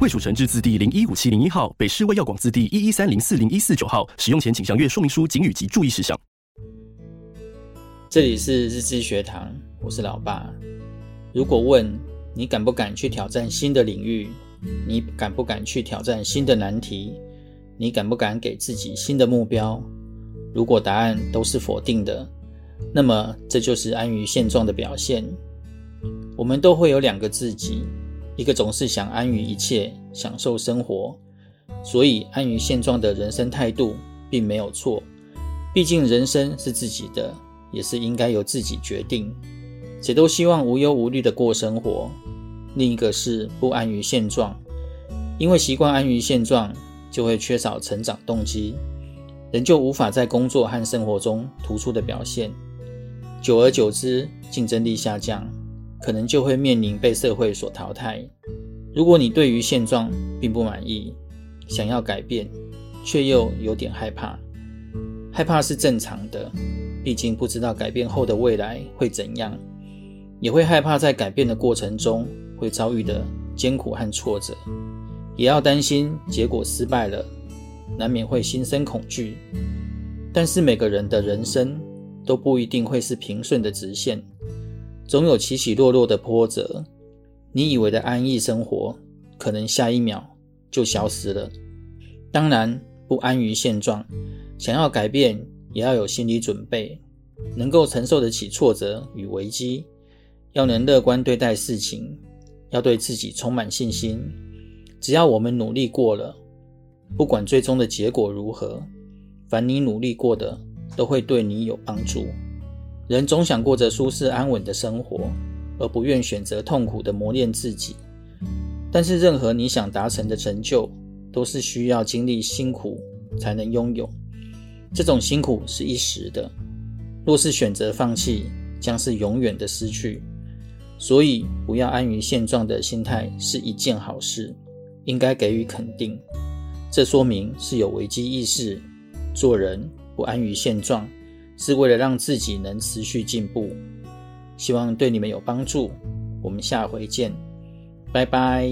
衛署成製字第零一五七零一號，北市衛藥廣字第一一三零四零一四九號。使用前請詳閱說明書、警語及注意事項。這裡是日知學堂，我是老爸。如果問你敢不敢去挑戰新的領域，你敢不敢去挑戰新的難題，你敢不敢給自己新的目標？如果答案都是否定的，那麼這就是安於現狀的表現。我們都會有兩個自己。一個總是想安於一切，享受生活，所以安於現狀的人生態度並沒有錯。畢竟人生是自己的，也是應該由自己決定。誰都希望無憂無慮的過生活。另一個是不安於現狀，因為習慣安於現狀，就會缺少成長動機，人就無法在工作和生活中突出的表現。久而久之，競爭力下降。可能就會面臨被社會所淘汰。如果你對於現狀並不滿意，想要改變，卻又有點害怕，害怕是正常的，畢竟不知道改變後的未來會怎樣，也會害怕在改變的過程中會遭遇的艱苦和挫折，也要擔心結果失敗了，難免會心生恐懼。但是每個人的人生都不一定會是平順的直線。總有起起落落的波折，你以為的安逸生活，可能下一秒就消失了。當然，不安於現狀，想要改變，也要有心理準備，能夠承受得起挫折與危機，要能樂觀對待事情，要對自己充滿信心。只要我們努力過了，不管最終的結果如何，凡你努力過的，都會對你有幫助。人總想過着舒適安穩的生活，而不願選擇痛苦的磨練自己。但是，任何你想達成的成就，都是需要經歷辛苦才能擁有。這種辛苦是一時的，若是選擇放棄，將是永遠的失去。所以，不要安於現狀的心態是一件好事，應該給予肯定。這說明是有危機意識，做人不安於現狀。是為了讓自己能持續進步，希望對你們有幫助。我們下回見，拜拜。